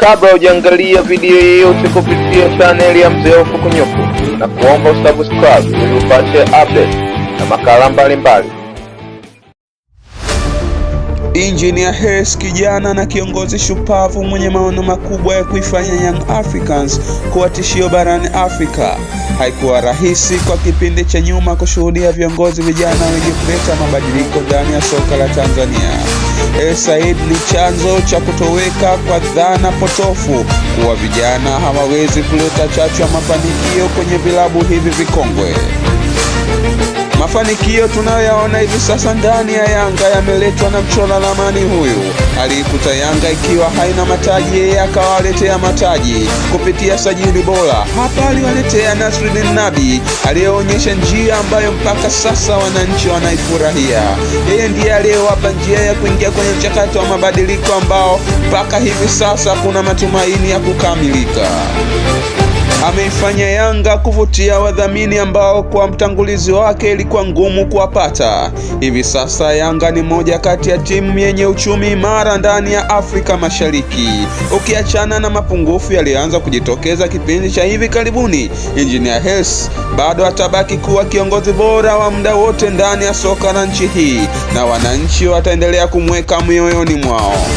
Kabla hujaangalia video yeyote kupitia chaneli ya Mzee wa Fukunyuku, na kuomba usubscribe ili upate update na makala mbalimbali. Engineer Hersi kijana na kiongozi shupavu mwenye maono makubwa ya kuifanya Young Africans kuwa tishio barani Afrika. Haikuwa rahisi kwa kipindi cha nyuma kushuhudia viongozi vijana wenye kuleta mabadiliko ndani ya soka la Tanzania. E Said ni chanzo cha kutoweka kwa dhana potofu kuwa vijana hawawezi kuleta chachu ya mafanikio kwenye vilabu hivi vikongwe. Mafanikio tunayoyaona hivi sasa ndani ya Yanga yameletwa na mchora ramani huyu. Aliikuta Yanga ikiwa haina mataji, yeye akawaletea mataji kupitia sajili bora. Hapa aliwaletea Nasruddin Nabi aliyeonyesha njia ambayo mpaka sasa wananchi wanaifurahia. Yeye ndiye aliyewapa njia ya kuingia kwenye mchakato wa mabadiliko ambao mpaka hivi sasa kuna matumaini ya kukamilika ameifanya Yanga kuvutia wadhamini ambao kwa mtangulizi wake ilikuwa ngumu kuwapata. Hivi sasa Yanga ni moja kati ya timu yenye uchumi imara ndani ya Afrika Mashariki, ukiachana na mapungufu yaliyoanza kujitokeza kipindi cha hivi karibuni. Engineer Hersi bado atabaki kuwa kiongozi bora wa muda wote ndani ya soka la nchi hii, na wananchi wataendelea kumweka mioyoni mwao.